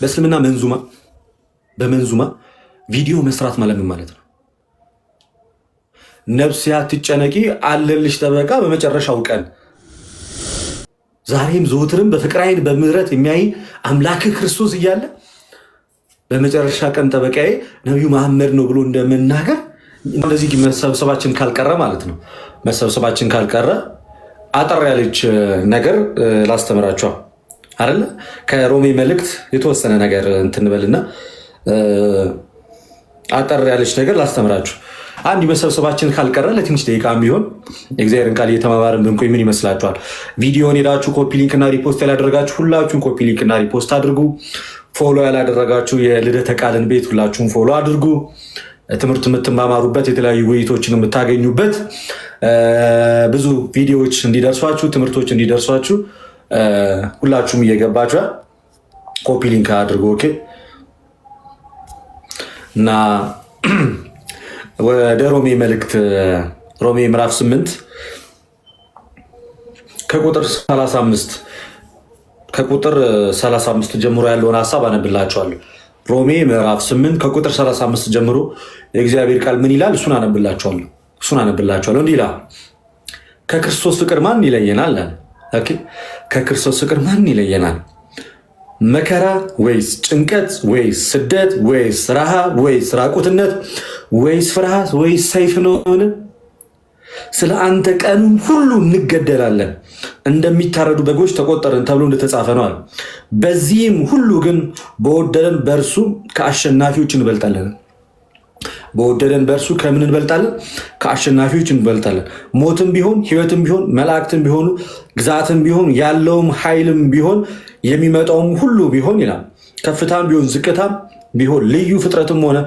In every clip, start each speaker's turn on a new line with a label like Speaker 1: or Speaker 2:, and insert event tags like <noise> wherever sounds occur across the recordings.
Speaker 1: በእስልምና መንዙማ በመንዙማ ቪዲዮ መስራት ማለት ምን ማለት ነው? ነፍስያ ትጨነቂ አለልሽ ጠበቃ በመጨረሻው ቀን ዛሬም ዘውትርም በፍቅር ዓይን የሚያይ አምላክህ ክርስቶስ እያለ በመጨረሻ ቀን ጠበቃዬ ነቢዩ መሐመድ ነው ብሎ እንደመናገር እንደዚህ መሰብሰባችን ካልቀረ ማለት ነው። መሰብሰባችን ካልቀረ አጠር ያለች ነገር ላስተምራችኋል። አይደለ ከሮሜ መልእክት የተወሰነ ነገር እንትንበልና አጠር ያለች ነገር ላስተምራችሁ። አንድ መሰብሰባችን ካልቀረ ለትንሽ ደቂቃ የሚሆን እግዚአብሔርን ቃል እየተማማርን ብንቆይ ምን ይመስላችኋል? ቪዲዮን ሄዳችሁ ኮፒ ሊንክና ሪፖስት ያላደረጋችሁ ሁላችሁም ኮፒ ሊንክና ሪፖስት አድርጉ። ፎሎ ያላደረጋችሁ የልደተ ቃልን ቤት ሁላችሁም ፎሎ አድርጉ። ትምህርት የምትማማሩበት የተለያዩ ውይይቶችን የምታገኙበት ብዙ ቪዲዮዎች እንዲደርሷችሁ ትምህርቶች እንዲደርሷችሁ ሁላችሁም እየገባችሁ ኮፒ ሊንክ አድርጎ ኦኬ። እና ወደ ሮሜ መልእክት ሮሜ ምዕራፍ 8 ከቁጥር 35 ከቁጥር 35 ጀምሮ ያለውን ሀሳብ አነብላችኋለሁ። ሮሜ ምዕራፍ 8 ከቁጥር 35 ጀምሮ የእግዚአብሔር ቃል ምን ይላል? እሱን አነብላችኋለሁ እሱን አነብላችኋለሁ። እንዲህ ይላል፣ ከክርስቶስ ፍቅር ማን ይለየናል? ከክርስቶስ ፍቅር ማን ይለየናል? መከራ ወይስ ጭንቀት ወይስ ስደት ወይስ ረሃብ ወይስ ራቁትነት ወይስ ፍርሃት ወይስ ሰይፍ ነው? ስለ አንተ ቀኑን ሁሉ እንገደላለን፣ እንደሚታረዱ በጎች ተቆጠርን ተብሎ እንደተጻፈ ነዋል። በዚህም ሁሉ ግን በወደደን በእርሱ ከአሸናፊዎች እንበልጣለን። በወደደን በእርሱ ከምን እንበልጣለን? ከአሸናፊዎች እንበልጣለን። ሞትም ቢሆን ሕይወትም ቢሆን መላእክትም ቢሆኑ ግዛትም ቢሆን ያለውም ኃይልም ቢሆን የሚመጣውም ሁሉ ቢሆን ይላል ከፍታም ቢሆን ዝቅታም ቢሆን ልዩ ፍጥረትም ሆነ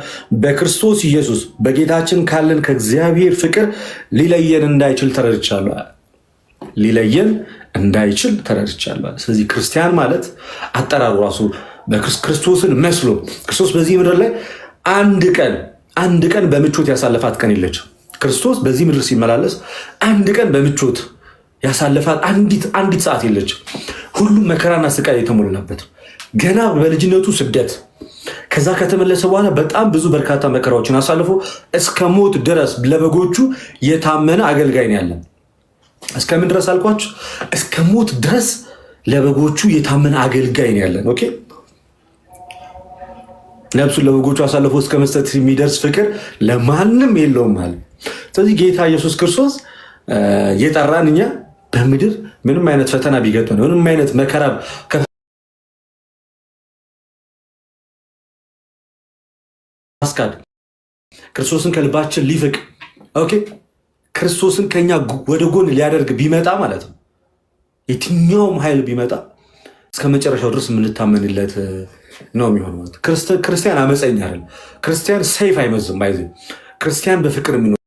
Speaker 1: በክርስቶስ ኢየሱስ በጌታችን ካለን ከእግዚአብሔር ፍቅር ሊለየን እንዳይችል ተረድቻለሁ። ሊለየን እንዳይችል ተረድቻለሁ። ስለዚህ ክርስቲያን ማለት አጠራሩ ራሱ ክርስቶስን መስሎ ክርስቶስ በዚህ ምድር ላይ አንድ ቀን አንድ ቀን በምቾት ያሳለፋት ቀን የለች ክርስቶስ በዚህ ምድር ሲመላለስ አንድ ቀን በምቾት ያሳለፋት አንዲት ሰዓት የለች ሁሉም መከራና ስቃይ የተሞላበት ገና በልጅነቱ ስደት ከዛ ከተመለሰ በኋላ በጣም ብዙ በርካታ መከራዎችን አሳልፎ እስከ ሞት ድረስ ለበጎቹ የታመነ አገልጋይ ነው ያለን። እስከምን ድረስ አልኳችሁ? እስከ ሞት ድረስ ለበጎቹ የታመነ አገልጋይ ነው ያለን። ኦኬ ነፍሱን ለበጎቹ አሳልፎ እስከ መስጠት የሚደርስ ፍቅር ለማንም የለውም አለ። ስለዚህ ጌታ ኢየሱስ ክርስቶስ የጠራን እኛ በምድር ምንም አይነት ፈተና ቢገጥመን ምንም አይነት መከራ ማስካድ ክርስቶስን ከልባችን ሊፍቅ ኦኬ ክርስቶስን ከኛ ወደ ጎን ሊያደርግ ቢመጣ ማለት ነው የትኛውም ኃይል ቢመጣ እስከ መጨረሻው ድረስ የምንታመንለት ነው የሚሆነው። ክርስቲያን አመፀኛ አይደል። ክርስቲያን ሰይፍ አይመዝም። አይዘ ክርስቲያን በፍቅር የሚኖር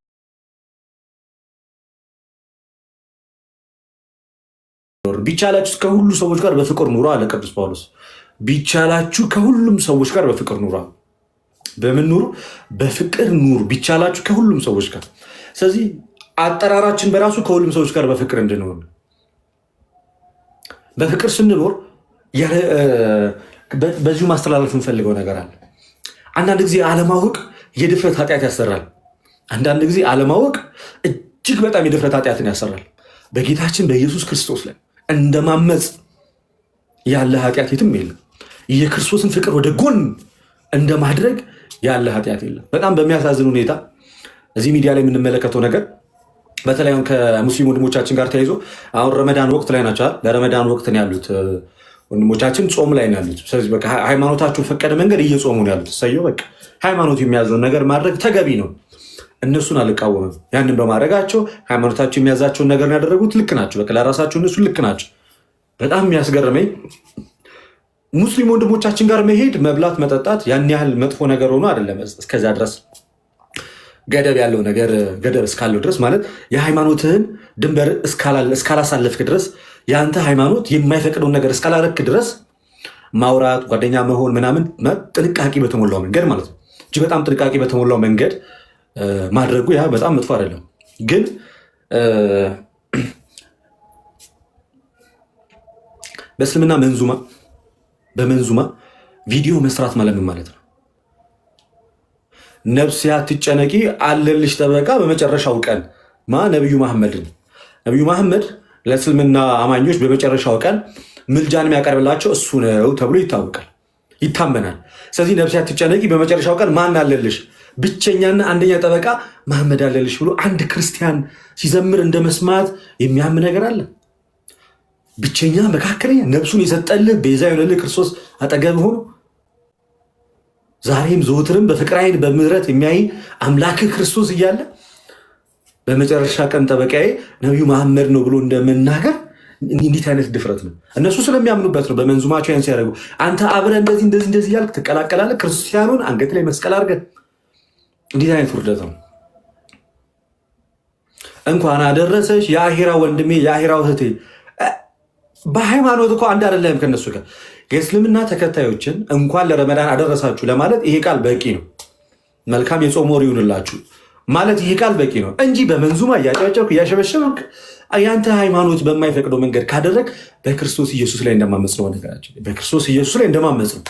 Speaker 1: ቢቻላችሁ ከሁሉ ሰዎች ጋር በፍቅር ኑሮ አለ ቅዱስ ጳውሎስ። ቢቻላችሁ ከሁሉም ሰዎች ጋር በፍቅር ኑሮ በምን ኑሩ? በፍቅር ኑሩ፣ ቢቻላችሁ ከሁሉም ሰዎች ጋር። ስለዚህ አጠራራችን በራሱ ከሁሉም ሰዎች ጋር በፍቅር እንድንሆን በፍቅር ስንኖር በዚሁ ማስተላለፍ የምፈልገው ነገር አለ። አንዳንድ ጊዜ አለማወቅ የድፍረት ኃጢአት ያሰራል። አንዳንድ ጊዜ አለማወቅ እጅግ በጣም የድፍረት ኃጢአትን ያሰራል። በጌታችን በኢየሱስ ክርስቶስ ላይ እንደማመፅ ያለ ኃጢአት የትም የለም። የክርስቶስን ፍቅር ወደ ጎን እንደማድረግ ያለ ኃጢአት የለም። በጣም በሚያሳዝን ሁኔታ እዚህ ሚዲያ ላይ የምንመለከተው ነገር በተለይ ከሙስሊም ወንድሞቻችን ጋር ተያይዞ አሁን ረመዳን ወቅት ላይ ናቸዋል። ለረመዳን ወቅት ነው ያሉት ወንድሞቻችን ጾም ላይ ነው ያሉት። ስለዚህ በቃ ሃይማኖታቸው ፈቀደ መንገድ እየጾሙ ነው ያሉት። ሰየው በቃ ሃይማኖት የሚያዘውን ነገር ማድረግ ተገቢ ነው። እነሱን አልቃወምም። ያንን በማድረጋቸው ሃይማኖታቸው የሚያዛቸውን ነገር ነው ያደረጉት። ልክ ናቸው። በቃ ለራሳቸው እነሱ ልክ ናቸው። በጣም የሚያስገርመኝ ሙስሊም ወንድሞቻችን ጋር መሄድ፣ መብላት፣ መጠጣት ያን ያህል መጥፎ ነገር ሆኖ አይደለም። እስከዚያ ድረስ ገደብ ያለው ነገር ገደብ እስካለው ድረስ ማለት የሃይማኖትህን ድንበር እስካላሳለፍክ ድረስ የአንተ ሃይማኖት የማይፈቅደውን ነገር እስካላረክ ድረስ ማውራት፣ ጓደኛ መሆን ምናምን ጥንቃቄ በተሞላው መንገድ ማለት ነው እንጂ በጣም ጥንቃቄ በተሞላው መንገድ ማድረጉ ያ በጣም መጥፎ አይደለም። ግን በእስልምና መንዙማ በመንዙማ ቪዲዮ መስራት ማለት ምን ማለት ነው? ነፍሴ ትጨነቂ አለልሽ ጠበቃ በመጨረሻው ቀን ማ ነቢዩ መሐመድን ነቢዩ መሐመድ ለእስልምና አማኞች በመጨረሻው ቀን ምልጃን የሚያቀርብላቸው እሱ ነው ተብሎ ይታወቃል፣ ይታመናል። ስለዚህ ነፍሴ ትጨነቂ፣ በመጨረሻው ቀን ማን አለልሽ? ብቸኛና አንደኛ ጠበቃ መሐመድ አለልሽ ብሎ አንድ ክርስቲያን ሲዘምር እንደ መስማት የሚያም ነገር አለ? ብቸኛ መካከለኛ ነፍሱን የሰጠልህ ቤዛ የሆነልህ ክርስቶስ አጠገብ ሆኖ ዛሬም ዘውትርም በፍቅር ዓይን በምሕረት የሚያይ አምላክህ ክርስቶስ እያለ በመጨረሻ ቀን ጠበቃዬ ነቢዩ መሐመድ ነው ብሎ እንደመናገር እንዲህ አይነት ድፍረት ነው። እነሱ ስለሚያምኑበት ነው በመንዙማቸው ያን ሲያደርጉ፣ አንተ አብረ እንደዚህ እንደዚህ እንደዚህ እያልክ ትቀላቀላለህ፣ ክርስቲያኑን አንገት ላይ መስቀል አድርገህ። እንዲህ አይነት ውርደት ነው። እንኳን አደረሰሽ የአሄራ ወንድሜ፣ የአሄራ እህቴ። በሃይማኖት እኮ አንድ አይደለም ከነሱ ጋር። የእስልምና ተከታዮችን እንኳን ለረመዳን አደረሳችሁ ለማለት ይሄ ቃል በቂ ነው። መልካም የጾም ወር ይሁንላችሁ። ማለት ይህ ቃል በቂ ነው እንጂ በመንዙማ እያጫጫውክ እያሸበሸብክ ያንተ ሃይማኖት በማይፈቅደው መንገድ ካደረግ በክርስቶስ ኢየሱስ ላይ እንደማመፅ ነው። ነገራቸው። በክርስቶስ ኢየሱስ ላይ እንደማመፅ ነው።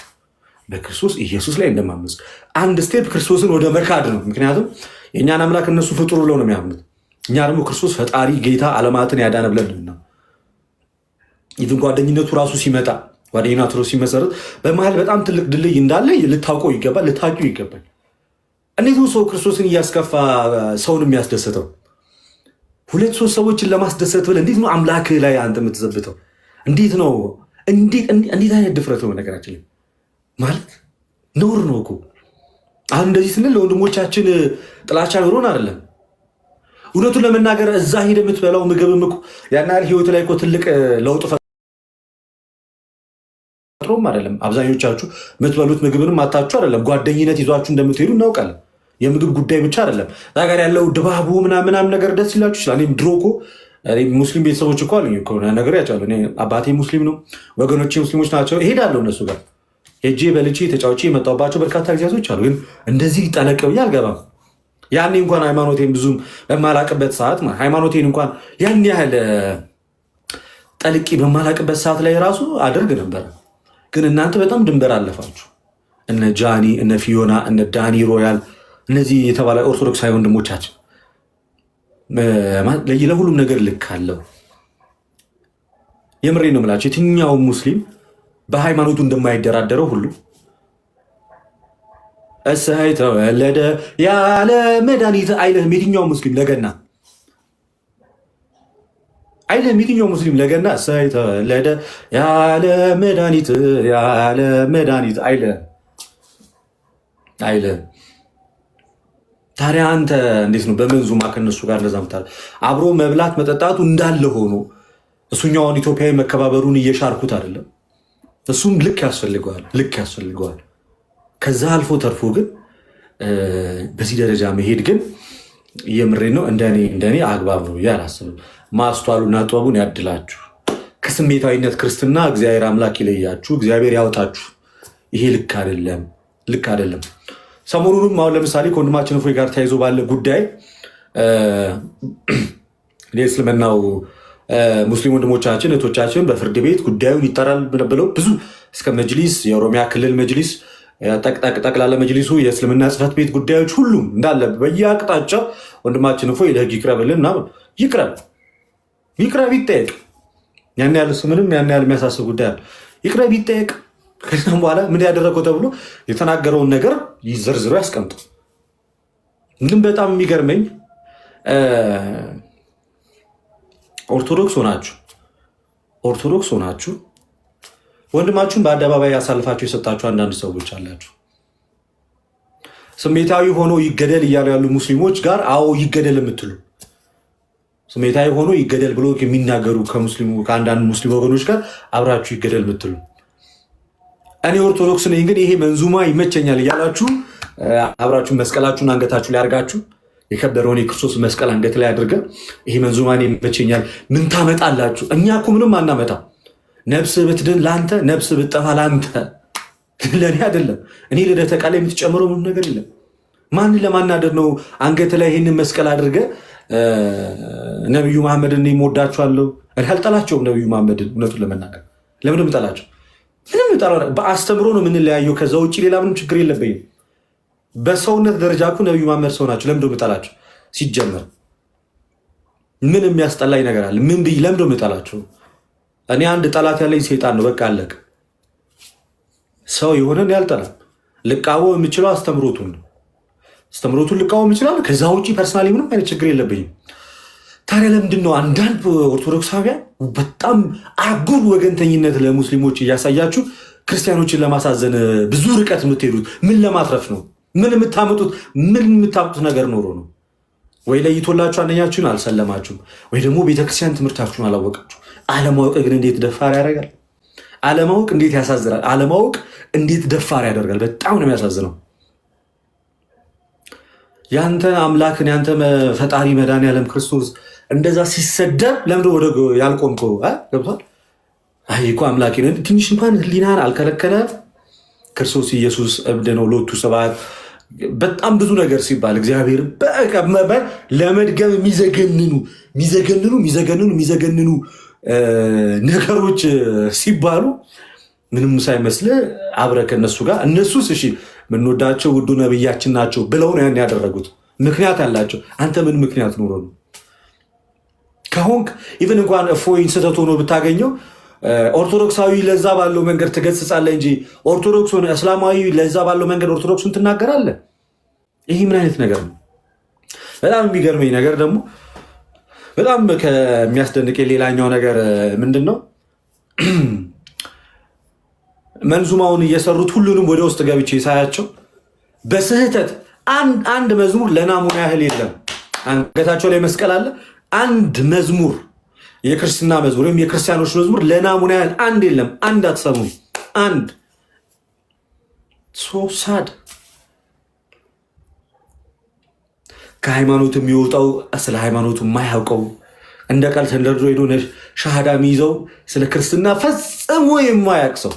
Speaker 1: በክርስቶስ ኢየሱስ ላይ እንደማመፅ አንድ ስቴፕ ክርስቶስን ወደ መካድ ነው። ምክንያቱም የእኛን አምላክ እነሱ ፍጡር ብለው ነው የሚያምኑት። እኛ ደግሞ ክርስቶስ ፈጣሪ፣ ጌታ አለማትን ያዳነ ብለን ነው ይህን ጓደኝነቱ ራሱ ሲመጣ ጓደኝነቱ ሲመሰረት በመሀል በጣም ትልቅ ድልድይ እንዳለ ልታውቀው ይገባል፣ ልታውቂው ይገባል። እንዴት ነው ሰው ክርስቶስን እያስከፋ ሰውን የሚያስደስተው? ሁለት ሶስት ሰዎችን ለማስደሰት ብለህ እንዴት ነው አምላክ ላይ አንተ የምትዘብተው? እንዴት ነው እንዴት አይነት ድፍረት ነው? ነገራችን ማለት ነውር ነው እኮ አሁን እንደዚህ ስንል ለወንድሞቻችን ጥላቻ ኑሮን አይደለም። እውነቱን ለመናገር እዛ ሄደ የምትበላው ምግብም እኮ ያን ያህል ህይወት ላይ እኮ ትልቅ ለውጥ ፈጥሮም አይደለም። አብዛኞቻችሁ የምትበሉት ምግብንም አታችሁ አይደለም። ጓደኝነት ይዟችሁ እንደምትሄዱ እናውቃለን። የምግብ ጉዳይ ብቻ አይደለም። እዛ ጋር ያለው ድባቡ ምናምናም ነገር ደስ ይላችሁ ይችላል። እኔም ድሮ እኮ ሙስሊም ቤተሰቦች እኮ አሉኝ እኮ ነገር ያጫሉ። አባቴ ሙስሊም ነው፣ ወገኖቼ ሙስሊሞች ናቸው። እሄዳለሁ እነሱ ጋር ሄጄ በልቼ ተጫውቼ የመጣሁባቸው በርካታ ጊዜያቶች አሉ። ግን እንደዚህ ጠለቅ ብዬ አልገባም። ያኔ እንኳን ሃይማኖቴን ብዙም በማላቅበት ሰዓት ሃይማኖቴን እንኳን ያን ያህል ጠልቄ በማላቅበት ሰዓት ላይ ራሱ አደርግ ነበር። ግን እናንተ በጣም ድንበር አለፋችሁ። እነ ጃኒ፣ እነ ፊዮና፣ እነ ዳኒ ሮያል እነዚህ የተባለ ኦርቶዶክሳዊ ወንድሞቻችን ለሁሉም ነገር ልክ አለው። የምሬ ነው የምላቸው። የትኛውም ሙስሊም በሃይማኖቱ እንደማይደራደረው ሁሉ እሰይ ተወለደ ያለ መድኃኒት አይልህም። የትኛው ሙስሊም ለገና አይልህም። የትኛው ሙስሊም ለገና እሰ ተወለደ ያለ መድኃኒት ያለ መድኃኒት አይልህም አይልህም። ታዲያ አንተ እንዴት ነው በመንዙማ ከነሱ ጋር ለዛምታል አብሮ መብላት መጠጣቱ እንዳለ ሆኖ እሱኛውን ኢትዮጵያዊ መከባበሩን እየሻርኩት አይደለም። እሱም ልክ ያስፈልገዋል፣ ልክ ያስፈልገዋል። ከዛ አልፎ ተርፎ ግን በዚህ ደረጃ መሄድ ግን የምሬ ነው እንደኔ እንደኔ አግባብ ነው ያላስብ። ማስተዋሉና ጥበቡን ያድላችሁ። ከስሜታዊነት ክርስትና እግዚአብሔር አምላክ ይለያችሁ፣ እግዚአብሔር ያወጣችሁ። ይሄ ልክ አይደለም፣ ልክ አይደለም። ሰሞኑንም አሁን ለምሳሌ ከወንድማችን እፎይ ጋር ተያይዞ ባለ ጉዳይ የእስልምናው ሙስሊም ወንድሞቻችን እህቶቻችን በፍርድ ቤት ጉዳዩን ይጠራል ብለው ብዙ እስከ መጅሊስ የኦሮሚያ ክልል መጅሊስ ጠቅላላ መጅሊሱ የእስልምና ጽሕፈት ቤት ጉዳዮች ሁሉም እንዳለ በየአቅጣጫ ወንድማችን እፎይ ለህግ ይቅረብልን እና ይቅረብ ይቅረብ ይጠየቅ። ያን ያህል እሱ ምንም ያን ያህል የሚያሳስብ ጉዳይ ይቅረብ ይጠየቅ። ከዚም በኋላ ምን ያደረገው ተብሎ የተናገረውን ነገር ዘርዝሮ ያስቀምጡ። ግን በጣም የሚገርመኝ ኦርቶዶክስ ሆናችሁ ኦርቶዶክስ ሆናችሁ ወንድማችሁን በአደባባይ ያሳልፋቸው የሰጣችሁ አንዳንድ ሰዎች አላችሁ። ስሜታዊ ሆኖ ይገደል እያሉ ያሉ ሙስሊሞች ጋር አዎ ይገደል የምትሉ ስሜታዊ ሆኖ ይገደል ብሎ የሚናገሩ ከአንዳንድ ሙስሊም ወገኖች ጋር አብራችሁ ይገደል የምትሉ እኔ ኦርቶዶክስ ነኝ ግን ይሄ መንዙማ ይመቸኛል እያላችሁ አብራችሁ መስቀላችሁን አንገታችሁ ላይ አድርጋችሁ የከበረውን የክርስቶስ መስቀል አንገት ላይ አድርገን ይሄ መንዙማ ይመቸኛል ምን ታመጣላችሁ? እኛ እኮ ምንም አናመጣ። ነፍስ ብትድን ለአንተ፣ ነብስ ብትጠፋ ለአንተ፣ ለእኔ አይደለም። እኔ ልደተ ቃል የምትጨምረው ምንም ነገር የለም። ማን ለማናደድ ነው አንገት ላይ ይህንን መስቀል አድርገ ነቢዩ መሐመድን እኔ እወዳቸዋለሁ። እኔ አልጠላቸውም ነቢዩ መሐመድን እውነቱን ለመናገር ለምንም ጠላቸው ምንም ጠራ በአስተምሮ ነው የምንለያየው። ከዛ ውጭ ሌላ ምንም ችግር የለብኝም። በሰውነት ደረጃ እኮ ነቢዩ መሐመድ ሰው ናቸው። ለምንድን ምጠላቸው ሲጀመር ምን የሚያስጠላኝ ነገር አለ? ምን ብዬ ለምንድን ምጠላቸው? እኔ አንድ ጠላት ያለኝ ሴጣን ነው። በቃ አለቅ። ሰው የሆነን ያልጠላም ልቃወ የምችለው አስተምሮቱን አስተምሮቱን ልቃወ ይችላል። ከዛ ውጭ ፐርሰናሊ ምንም አይነት ችግር የለብኝም። ታዲያ ለምንድን ነው አንዳንድ ኦርቶዶክሳውያን በጣም አጉል ወገንተኝነት ለሙስሊሞች እያሳያችሁ ክርስቲያኖችን ለማሳዘን ብዙ ርቀት የምትሄዱት? ምን ለማትረፍ ነው? ምን የምታመጡት ምን የምታምጡት ነገር ኖሮ ነው ወይ? ለይቶላችሁ አንደኛችሁን አልሰለማችሁም፣ ወይ ደግሞ ቤተክርስቲያን ትምህርታችሁን አላወቃችሁ። አለማወቅ ግን እንዴት ደፋር ያደርጋል! አለማወቅ እንዴት ያሳዝናል! አለማወቅ እንዴት ደፋር ያደርጋል! በጣም ነው የሚያሳዝነው። ያንተን አምላክን ያንተ ፈጣሪ መድኃኒዓለም ክርስቶስ እንደዛ ሲሰደብ ለምዶ ወደ ያልቆምከው ገብቷል። አይ እኮ አምላኬ ትንሽ እንኳን ህሊናን አልከለከለ። ክርስቶስ ኢየሱስ እብድ ነው፣ ሎቱ ሰባት በጣም ብዙ ነገር ሲባል እግዚአብሔር በቀመበር ለመድገም የሚዘገንኑ የሚዘገንኑ የሚዘገንኑ የሚዘገንኑ ነገሮች ሲባሉ ምንም ሳይመስል አብረ ከእነሱ ጋር እነሱስ እሺ የምንወዳቸው ውዱ ነብያችን ናቸው ብለው ነው ያን ያደረጉት። ምክንያት አላቸው። አንተ ምን ምክንያት ኖሮ ነው ከሆንክ ኢቨን እንኳን እፎይን ስህተት ሆኖ ብታገኘው ኦርቶዶክሳዊ ለዛ ባለው መንገድ ትገስጻለህ እንጂ ኦርቶዶክስ ሆነ እስላማዊ ለዛ ባለው መንገድ ኦርቶዶክሱን ትናገራለህ። ይህ ምን አይነት ነገር ነው? በጣም የሚገርመኝ ነገር ደግሞ በጣም ከሚያስደንቅ ሌላኛው ነገር ምንድን ነው? <clears throat> መንዙማውን እየሰሩት ሁሉንም ወደ ውስጥ ገብቼ ሳያቸው በስህተት አንድ መዝሙር ለናሙና ያህል የለም። አንገታቸው ላይ መስቀል አለ። አንድ መዝሙር የክርስትና መዝሙር ወይም የክርስቲያኖች መዝሙር ለናሙና ያህል አንድ የለም። አንድ አትሰሙም። አንድ ሶሳድ ከሃይማኖት የሚወጣው ስለ ሃይማኖቱ የማያውቀው እንደ ቃል ተንደርድሮ ሄዶ ሻሃዳ የሚይዘው ስለ ክርስትና ፈጽሞ የማያውቅ ሰው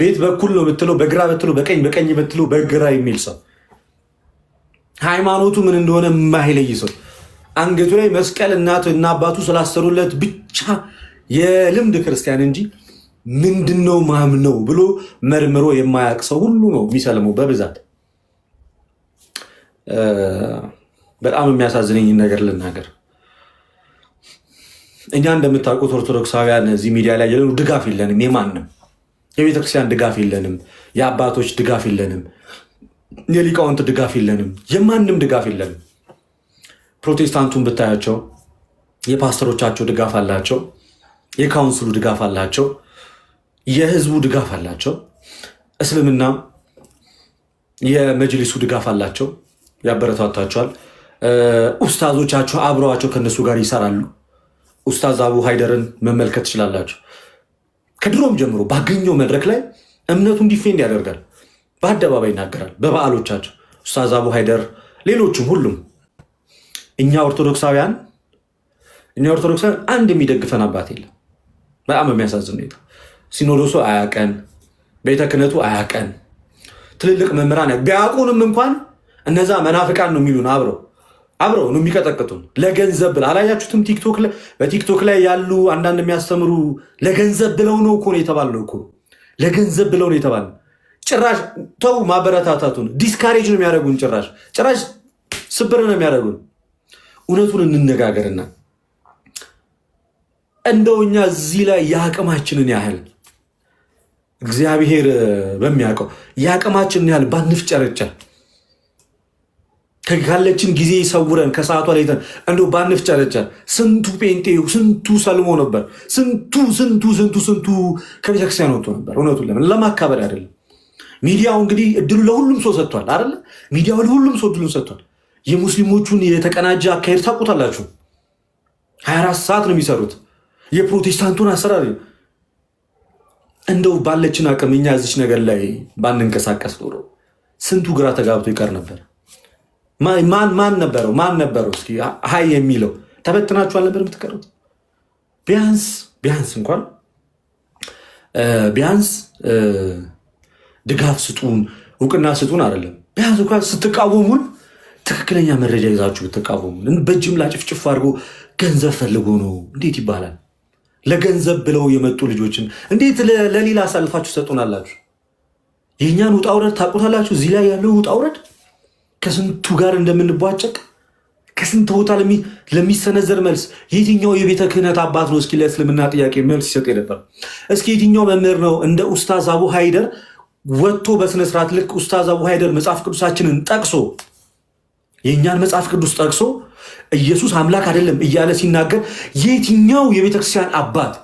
Speaker 1: ቤት በኩል ነው ብትለው በግራ ብትለው በቀኝ በቀኝ ብትለው በግራ የሚል ሰው ሃይማኖቱ ምን እንደሆነ የማይለይ ሰው አንገቱ ላይ መስቀል እናቱ እና አባቱ ስላሰሩለት ብቻ የልምድ ክርስቲያን እንጂ ምንድነው ማምነው ብሎ መርምሮ የማያውቅ ሰው ሁሉ ነው የሚሰልመው በብዛት። በጣም የሚያሳዝነኝ ነገር ልናገር። እኛ እንደምታውቁት ኦርቶዶክሳውያን እዚህ ሚዲያ ላይ ያለነው ድጋፍ የለንም የማንም የቤተክርስቲያን ድጋፍ የለንም። የአባቶች ድጋፍ የለንም። የሊቃውንት ድጋፍ የለንም። የማንም ድጋፍ የለንም። ፕሮቴስታንቱን ብታያቸው የፓስተሮቻቸው ድጋፍ አላቸው። የካውንስሉ ድጋፍ አላቸው። የህዝቡ ድጋፍ አላቸው። እስልምና የመጅሊሱ ድጋፍ አላቸው፣ ያበረታታቸዋል። ኡስታዞቻቸው አብረዋቸው ከነሱ ጋር ይሰራሉ። ኡስታዝ አቡ ሀይደርን መመልከት ትችላላችሁ። ከድሮም ጀምሮ ባገኘው መድረክ ላይ እምነቱን ዲፌንድ ያደርጋል፣ በአደባባይ ይናገራል። በበዓሎቻቸው ኡስታዝ አቡ ሀይደር፣ ሌሎችም ሁሉም እኛ ኦርቶዶክሳውያን እኛ ኦርቶዶክሳውያን አንድ የሚደግፈን አባት የለም። በጣም የሚያሳዝን ሁኔታ ሲኖዶሱ አያቀን፣ ቤተ ክህነቱ አያቀን፣ ትልልቅ መምህራን ቢያውቁንም እንኳን እነዛ መናፍቃን ነው የሚሉን አብረው አብረው ነው የሚቀጠቅጡን ለገንዘብ ብለው አላያችሁትም? ቲክቶክ በቲክቶክ ላይ ያሉ አንዳንድ የሚያስተምሩ ለገንዘብ ብለው ነው እኮ ነው የተባለው እኮ ለገንዘብ ብለው ነው የተባለ። ጭራሽ ተው ማበረታታቱን፣ ዲስካሬጅ ነው የሚያደርጉን። ጭራሽ ጭራሽ ስብር ነው የሚያደርጉን። እውነቱን እንነጋገርና እንደው እኛ እዚህ ላይ የአቅማችንን ያህል እግዚአብሔር በሚያውቀው የአቅማችንን ያህል ባንፍጨረጨር ካለችን ጊዜ ይሰውረን። ከሰዓቷ ላይ እንደው ባንፍጨረጨር። ስንቱ ጴንጤ ስንቱ ሰልሞ ነበር። ስንቱ ስንቱ ስንቱ ስንቱ ከቤተክርስቲያን ወጥቶ ነበር። እውነቱን ለምን ለማካበር አይደለም። ሚዲያው እንግዲህ እድሉ ለሁሉም ሰው ሰጥቷል አይደለ? ሚዲያው ለሁሉም ሰው እድሉን ሰጥቷል። የሙስሊሞቹን የተቀናጀ አካሄድ ታውቁታላችሁ። ሀያ አራት ሰዓት ነው የሚሰሩት። የፕሮቴስታንቱን አሰራር እንደው ባለችን አቅም እኛ እዚች ነገር ላይ ባንንቀሳቀስ ኖሮ ስንቱ ግራ ተጋብቶ ይቀር ነበር። ማን ነበረው? ማን ነበረው? እስኪ ሀይ የሚለው ተበትናችሁ አልነበር የምትቀሩት። ቢያንስ ቢያንስ እንኳን ቢያንስ ድጋፍ ስጡን፣ እውቅና ስጡን አይደለም ቢያንስ እንኳን ስትቃወሙን ትክክለኛ መረጃ ይዛችሁ ብትቃወሙን። በጅምላ ጭፍጭፍ አድርጎ ገንዘብ ፈልጎ ነው እንዴት ይባላል? ለገንዘብ ብለው የመጡ ልጆችን እንዴት ለሌላ አሳልፋችሁ ሰጡናላችሁ? የእኛን ውጣ ውረድ ታውቁታላችሁ። እዚህ ላይ ያለው ውጣ ውረድ ከስንቱ ጋር እንደምንቧጨቅ ከስንት ቦታ ለሚሰነዘር መልስ የትኛው የቤተ ክህነት አባት ነው እስኪ ለእስልምና ጥያቄ መልስ ይሰጥ የነበር? እስኪ የትኛው መምህር ነው እንደ ኡስታዝ አቡ ሀይደር ወጥቶ በስነስርዓት ልክ ኡስታዝ አቡ ሀይደር መጽሐፍ ቅዱሳችንን ጠቅሶ የእኛን መጽሐፍ ቅዱስ ጠቅሶ ኢየሱስ አምላክ አይደለም እያለ ሲናገር የትኛው የቤተክርስቲያን አባት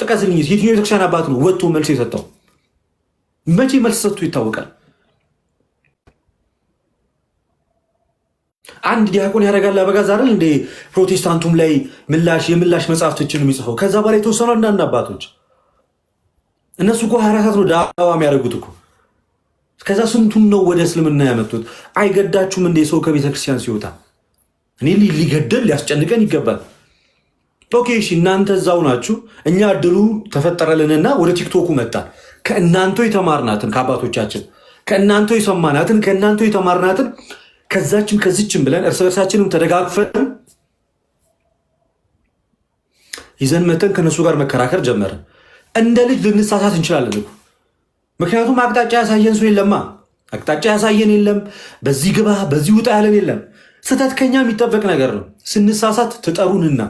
Speaker 1: ጥቀስልኝ፣ የትኛው የቤተክርስቲያን አባት ነው ወጥቶ መልስ የሰጠው? መቼ መልስ ሰጥቶ ይታወቃል? አንድ ዲያቆን ያደርጋል አበጋዝ አይደል እንደ ፕሮቴስታንቱም ላይ ምላሽ የምላሽ መጽሐፍቶችን የሚጽፈው ከዛ በላይ የተወሰኑ አንዳንድ አባቶች እነሱ እኮ ሀራሳት ነው ዳዋ የሚያደርጉት እኮ ከዛ ስንቱን ነው ወደ እስልምና ያመጡት አይገዳችሁም እንደ ሰው ከቤተ ክርስቲያን ሲወጣ እኔ ሊገደል ሊያስጨንቀን ይገባል ኦኬ እሺ እናንተ እዛው ናችሁ እኛ እድሉ ተፈጠረልንና ወደ ቲክቶኩ መጣ ከእናንተ የተማርናትን ከአባቶቻችን ከእናንተ የሰማናትን ከእናንተ የተማርናትን ከዛችም ከዚችም ብለን እርስ በርሳችንም ተደጋግፈን ይዘን መተን ከነሱ ጋር መከራከር ጀመረ። እንደ ልጅ ልንሳሳት እንችላለን። ምክንያቱም አቅጣጫ ያሳየን ሰው የለማ። አቅጣጫ ያሳየን የለም። በዚህ ግባ፣ በዚህ ውጣ ያለን የለም። ስህተት ከኛ የሚጠበቅ ነገር ነው። ስንሳሳት ትጠሩንና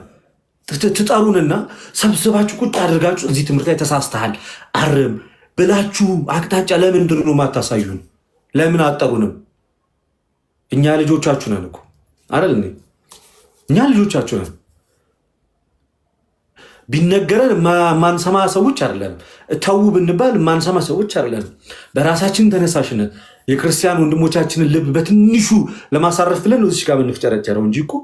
Speaker 1: ትጠሩንና ሰብስባችሁ ቁጭ አድርጋችሁ እዚህ ትምህርት ላይ ተሳስተሃል አርም ብላችሁ አቅጣጫ ለምንድን ነው ማታሳዩን? ለምን አጠሩንም? እኛ ልጆቻችሁ ነን እኮ አይደል? እኛ ልጆቻችሁ ነን። ቢነገረን ማንሰማ ሰዎች አይደለንም። ተዉ ብንባል ማንሰማ ሰዎች አይደለንም። በራሳችን ተነሳሽነት የክርስቲያን ወንድሞቻችንን ልብ በትንሹ ለማሳረፍ ብለን እዚህ ጋር ብንፍጨረጨረው እንጂ እኮ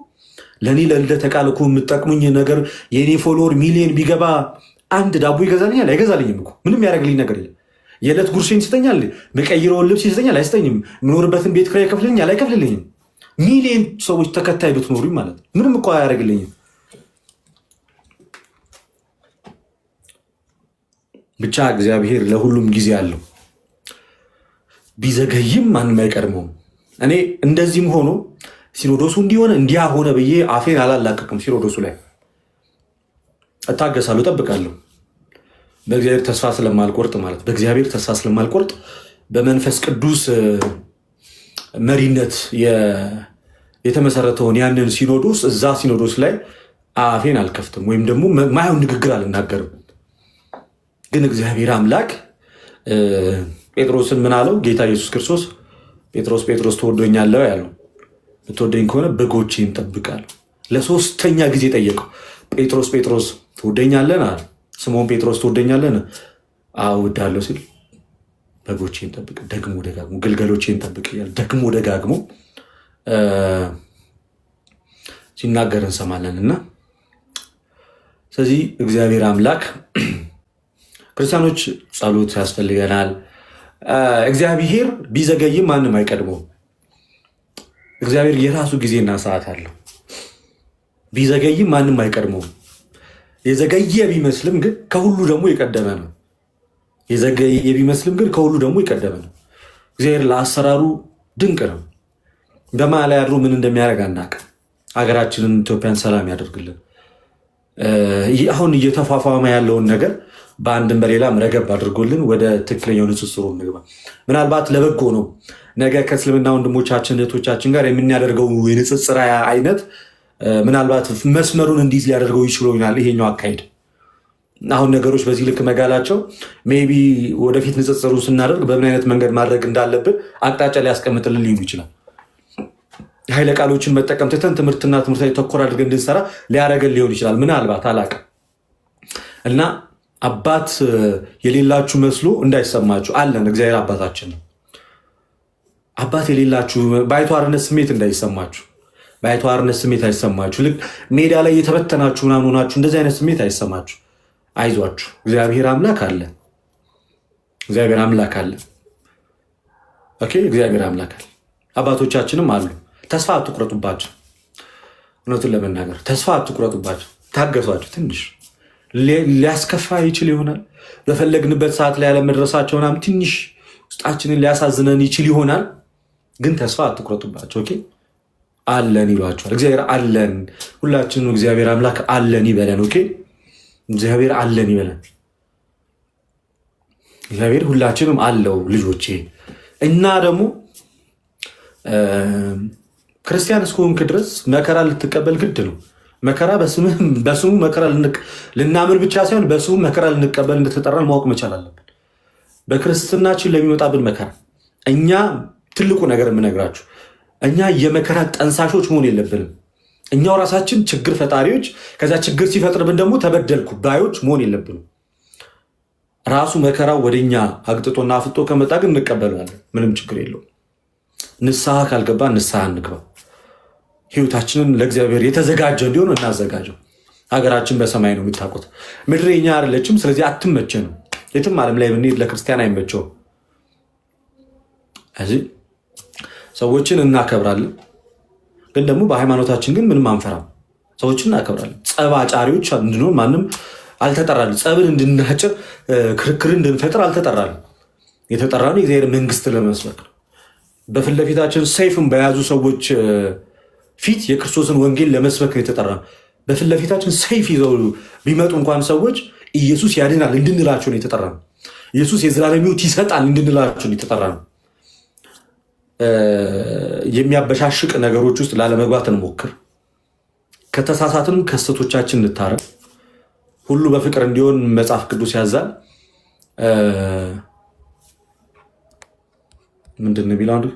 Speaker 1: ለእኔ ለልደተ ቃል እኮ የምጠቅሙኝ ነገር የእኔ ፎሎወር ሚሊዮን ቢገባ አንድ ዳቦ ይገዛልኛል? አይገዛልኝም እኮ ምንም ያደረግልኝ ነገር የለም። የዕለት ጉርሴን ይሰጠኛል? መቀይረውን ልብስ ይሰጠኛል? አይሰጠኝም? የምኖርበትን ቤት ክራይ ይከፍልልኛል? አይከፍልልኝም? ሚሊዮን ሰዎች ተከታይ ብትኖሩኝ ማለት ነው ምንም እኮ አያደርግልኝም። ብቻ እግዚአብሔር ለሁሉም ጊዜ አለው። ቢዘገይም ማንም አይቀድመውም። እኔ እንደዚህም ሆኖ ሲኖዶሱ እንዲሆነ እንዲያ ሆነ ብዬ አፌን አላላቀቅም። ሲኖዶሱ ላይ እታገሳለሁ፣ እጠብቃለሁ። በእግዚአብሔር ተስፋ ስለማልቆርጥ ማለት በእግዚአብሔር ተስፋ ስለማልቆርጥ በመንፈስ ቅዱስ መሪነት የተመሰረተውን ያንን ሲኖዶስ እዛ ሲኖዶስ ላይ አፌን አልከፍትም ወይም ደግሞ ማየው ንግግር አልናገርም። ግን እግዚአብሔር አምላክ ጴጥሮስን ምን አለው? ጌታ ኢየሱስ ክርስቶስ ጴጥሮስ ጴጥሮስ ትወደኛለህ ያለው ብትወደኝ ከሆነ በጎቼን እጠብቃለሁ። ለሶስተኛ ጊዜ ጠየቀው። ጴጥሮስ ጴጥሮስ ትወደኛለህ አለ። ስምዖን ጴጥሮስ ትወደኛለን? አዎ እወድሃለሁ ሲል በጎቼን ጠብቅ፣ ደግሞ ደጋግሞ ግልገሎቼን ጠብቅ እያለ ደግሞ ደጋግሞ ሲናገር እንሰማለን እና ስለዚህ እግዚአብሔር አምላክ ክርስቲያኖች ጸሎት ያስፈልገናል። እግዚአብሔር ቢዘገይም ማንም አይቀድመውም። እግዚአብሔር የራሱ ጊዜና ሰዓት አለው። ቢዘገይም ማንም አይቀድመውም። የዘገየ ቢመስልም ግን ከሁሉ ደግሞ የቀደመ ነው። የዘገየ ቢመስልም ግን ከሁሉ ደግሞ የቀደመ ነው። እግዚአብሔር ለአሰራሩ ድንቅ ነው። በመሃል ያድሮ ምን እንደሚያደርግ አናውቅም። ሀገራችንን ኢትዮጵያን ሰላም ያደርግልን። አሁን እየተፏፏመ ያለውን ነገር በአንድም በሌላም ረገብ አድርጎልን ወደ ትክክለኛው ንጽጽሩ ምግባ ምናልባት ለበጎ ነው። ነገ ከእስልምና ወንድሞቻችን እህቶቻችን ጋር የምናደርገው የንጽጽር አይነት ምናልባት መስመሩን እንዲይዝ ሊያደርገው ይችሎ ይሄኛው አካሄድ። አሁን ነገሮች በዚህ ልክ መጋላቸው ሜይ ቢ ወደፊት ንጽጽሩ ስናደርግ በምን አይነት መንገድ ማድረግ እንዳለብን አቅጣጫ ሊያስቀምጥልን ሊሆን ይችላል። ኃይለ ቃሎችን መጠቀም ትተን ትምህርትና ትምህርት ላይ ተኮር አድርገን እንድንሰራ ሊያደርገን ሊሆን ይችላል። ምናልባት አላቅም እና አባት የሌላችሁ መስሎ እንዳይሰማችሁ አለን። እግዚአብሔር አባታችን ነው። አባት የሌላችሁ ባይተዋርነት ስሜት እንዳይሰማችሁ ባይተዋርነት ስሜት አይሰማችሁ። ልክ ሜዳ ላይ የተበተናችሁ ምናምን ሆናችሁ እንደዚህ አይነት ስሜት አይሰማችሁ። አይዟችሁ፣ እግዚአብሔር አምላክ አለ። እግዚአብሔር አምላክ አለ። ኦኬ፣ እግዚአብሔር አምላክ አለ። አባቶቻችንም አሉ። ተስፋ አትቁረጡባቸው። እውነቱን ለመናገር ተስፋ አትቁረጡባቸው። ታገሷቸው። ትንሽ ሊያስከፋ ይችል ይሆናል። በፈለግንበት ሰዓት ላይ ያለመድረሳቸው ምናምን ትንሽ ውስጣችንን ሊያሳዝነን ይችል ይሆናል። ግን ተስፋ አትቁረጡባቸው። ኦኬ አለን ይሏቸዋል። እግዚአብሔር አለን፣ ሁላችንም እግዚአብሔር አምላክ አለን ይበለን። ኦኬ፣ እግዚአብሔር አለን ይበለን። እግዚአብሔር ሁላችንም አለው ልጆቼ። እና ደግሞ ክርስቲያን እስከሆንክ ድረስ መከራ ልትቀበል ግድ ነው። መከራ <laughs> በስሙ መከራ ልናምን ብቻ ሳይሆን በስሙ መከራ ልንቀበል እንደተጠራን ማወቅ መቻል አለብን። በክርስትናችን ለሚመጣብን መከራ እኛ ትልቁ ነገር የምነግራችሁ እኛ የመከራ ጠንሳሾች መሆን የለብንም። እኛው ራሳችን ችግር ፈጣሪዎች፣ ከዛ ችግር ሲፈጥርብን ደግሞ ተበደልኩ ባዮች መሆን የለብንም። ራሱ መከራው ወደኛ አግጥጦና አፍጦ ከመጣ ግን እንቀበለዋለን። ምንም ችግር የለውም። ንስሐ ካልገባ ንስሐ እንግባ። ህይወታችንን ለእግዚአብሔር የተዘጋጀ እንዲሆን እናዘጋጀው። ሀገራችን በሰማይ ነው የሚታቆት፣ ምድር የኛ አይደለችም። ስለዚህ ነው የትም ዓለም ላይ ብንሄድ ለክርስቲያን አይመቸውም። ሰዎችን እናከብራለን፣ ግን ደግሞ በሃይማኖታችን ግን ምንም አንፈራም። ሰዎችን እናከብራለን። ጸብ አጫሪዎች እንድንሆን ማንም አልተጠራል። ጸብን እንድናጭር ክርክር እንድንፈጥር አልተጠራል። የተጠራ የእግዚአብሔር መንግስት ለመስበክ በፊት ለፊታችን ሰይፍን በያዙ ሰዎች ፊት የክርስቶስን ወንጌል ለመስበክ የተጠራ። በፊት ለፊታችን ሰይፍ ይዘው ቢመጡ እንኳን ሰዎች ኢየሱስ ያድናል እንድንላቸው ነው የተጠራ። ኢየሱስ የዘላለም ሕይወት ይሰጣል እንድንላቸው ነው የተጠራ ነው። የሚያበሻሽቅ ነገሮች ውስጥ ላለመግባት እንሞክር። ከተሳሳትን ከስህተቶቻችን እንታረም። ሁሉ በፍቅር እንዲሆን መጽሐፍ ቅዱስ ያዛል። ምንድን ነው የሚለው አንዱ